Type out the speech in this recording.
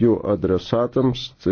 jų adresatams. Tai